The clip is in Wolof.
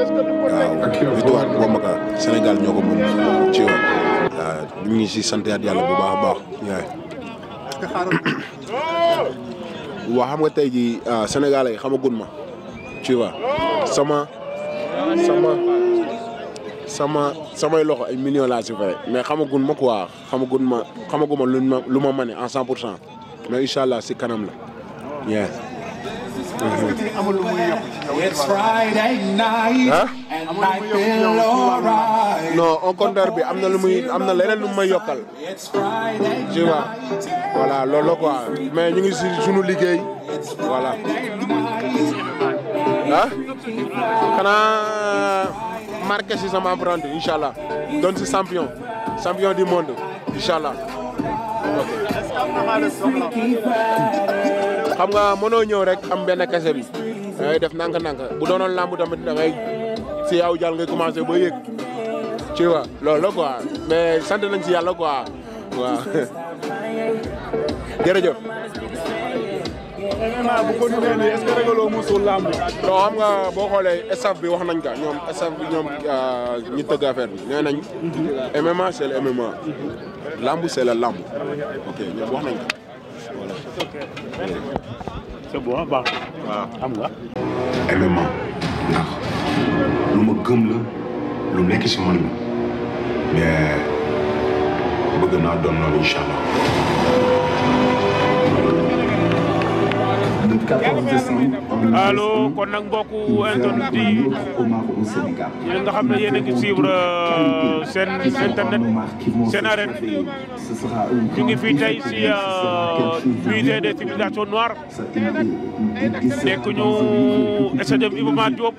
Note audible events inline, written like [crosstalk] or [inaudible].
waaw victoire bi Wamaka Sénégal ñoo ko mën ci yoon. waaw ñu ngi si sant yàlla bu baax a baax. waaw xam nga tey jii ah, sénégalais xamagun ma ci vois sama sama sama samay loxo ay millions laa si fay mais xamagun ma quoi xamagun ma xamaguma lu ma lu ma mane en cent pour cent mais incha allah si kanam la. It's Friday night. bi am na lu muy am na leneen lu may yokkal. tu vois voilà loolu la quoi mais ñu ngi si sunu liggéey voilà. ah xanaa marqué si sama empreinte incha allah doon si champion champion du monde incha xam nga mënoo ñëw rek am benn kese bi da def nank-nank bu doonoon làmb tamit na ngay si yaw jàll ngay commencé ba yëg tu vois loolu la quoi mais sant nañ si yàlla quoi waaw [laughs] jërëjëf. vraiment bu ko defee nii est-ce que ragaloo musul làmb. non xam nga boo xoolee staff bi wax nañ ka ñoom staff bi ñoom euh, ñu tëgg affaire bi nee nañ. MMA c'est le MMA. làmb c'est le làmb. ok ñoom wax nañ ka c'est bon baax waaw am nga élément ndax lu ma gëm la lu nekk si man la bëgg naa doon loolu incha allo kon nag mbokku internet yi yéen nga xam ne yéen a ngi suivre euh, seen internet seen arène ñu ngi fii tey si musée euh, des civilisations noires nekk ñu stade Iba Mar Diop